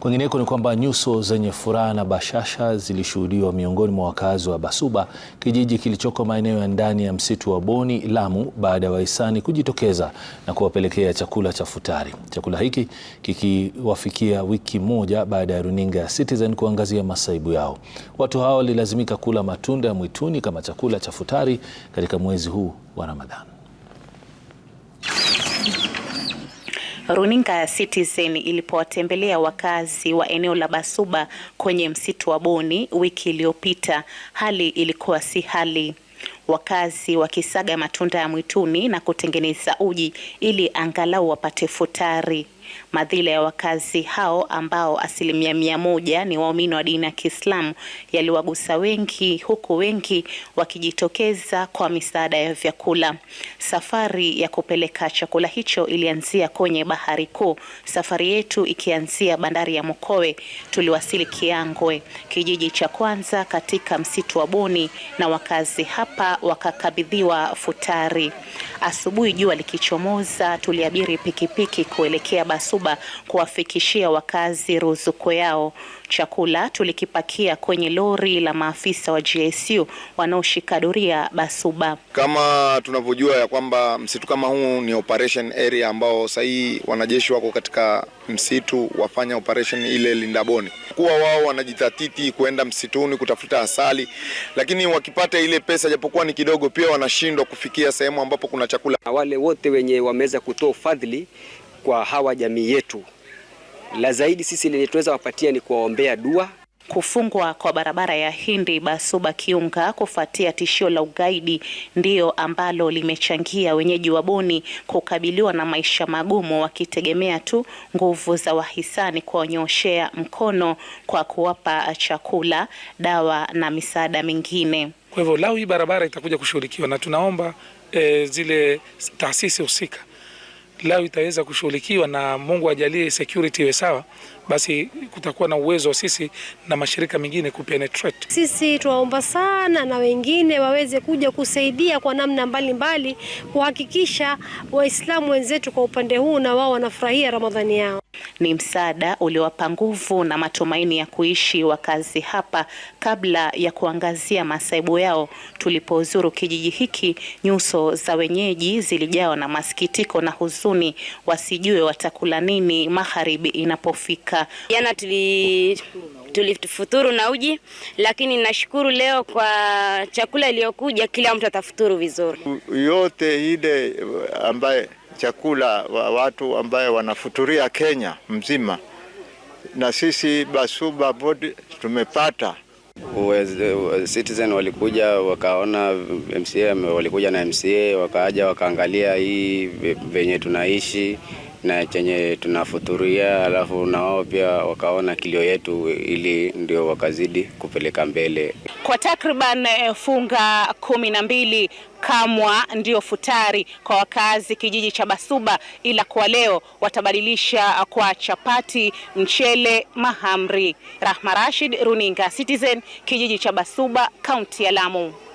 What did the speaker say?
Kwingineko ni kwamba nyuso zenye furaha na bashasha zilishuhudiwa miongoni mwa wakazi wa Basuba, kijiji kilichoko maeneo ya ndani ya msitu wa Boni Lamu, baada ya wahisani kujitokeza na kuwapelekea chakula cha futari. Chakula hiki kikiwafikia wiki moja baada ya runinga ya Citizen kuangazia masaibu yao. Watu hawa walilazimika kula matunda ya mwituni kama chakula cha futari katika mwezi huu wa Ramadhani. Runinga ya Citizen ilipowatembelea wakazi wa eneo la Basuba kwenye msitu wa Boni wiki iliyopita, hali ilikuwa si hali. Wakazi wakisaga matunda ya mwituni na kutengeneza uji ili angalau wapate futari madhila ya wakazi hao ambao asilimia mia moja ni waumini wa dini ya Kiislamu yaliwagusa wengi, huku wengi wakijitokeza kwa misaada ya vyakula. Safari ya kupeleka chakula hicho ilianzia kwenye bahari kuu, safari yetu ikianzia bandari ya Mokowe. Tuliwasili Kiangwe, kijiji cha kwanza katika msitu wa Boni, na wakazi hapa wakakabidhiwa futari. Asubuhi jua likichomoza, tuliabiri pikipiki kuelekea Kasuba kuwafikishia wakazi ruzuku yao. Chakula tulikipakia kwenye lori la maafisa wa GSU wanaoshika doria Basuba. Kama tunavyojua ya kwamba msitu kama huu ni operation area ambao sahii wanajeshi wako katika msitu wafanya operation ile Lindaboni, kuwa wao wanajitatiti kuenda msituni kutafuta asali, lakini wakipata ile pesa japokuwa ni kidogo, pia wanashindwa kufikia sehemu ambapo kuna chakula. Wale wote wenye wameweza kutoa ufadhili kwa hawa jamii yetu. La zaidi sisi lilituweza wapatia ni kuwaombea dua. Kufungwa kwa barabara ya Hindi Basuba Kiunga kufuatia tishio la ugaidi ndio ambalo limechangia wenyeji wa Boni kukabiliwa na maisha magumu, wakitegemea tu nguvu za wahisani kuwanyoshea mkono kwa kuwapa chakula, dawa na misaada mingine. Kwa hivyo lao hii barabara itakuja kushughulikiwa na tunaomba e, zile taasisi husika lao itaweza kushughulikiwa na Mungu ajalie security iwe sawa, basi kutakuwa na uwezo sisi na mashirika mengine kupenetrate. Sisi tuwaomba sana na wengine waweze kuja kusaidia kwa namna mbalimbali kuhakikisha Waislamu wenzetu kwa upande huu na wao wanafurahia Ramadhani yao ni msaada uliowapa nguvu na matumaini ya kuishi wakazi hapa, kabla ya kuangazia masaibu yao. Tulipozuru kijiji hiki, nyuso za wenyeji zilijawa na masikitiko na huzuni, wasijue watakula nini magharibi inapofika. Jana tulifuturu na uji, lakini nashukuru leo kwa chakula iliyokuja, kila mtu atafuturu vizuri. yote ile ambaye chakula wa watu ambayo wanafuturia Kenya mzima, na sisi Basuba Board tumepata Citizen walikuja wakaona MCA, walikuja na MCA wakaaja wakaangalia hii venye tunaishi na chenye tunafuturia, alafu na wao pia wakaona kilio yetu, ili ndio wakazidi kupeleka mbele. Kwa takriban eh, funga kumi na mbili kamwa ndio futari kwa wakazi kijiji cha Basuba, ila kwa leo watabadilisha kwa chapati, mchele, mahamri. Rahma Rashid, runinga Citizen, kijiji cha Basuba, kaunti ya Lamu.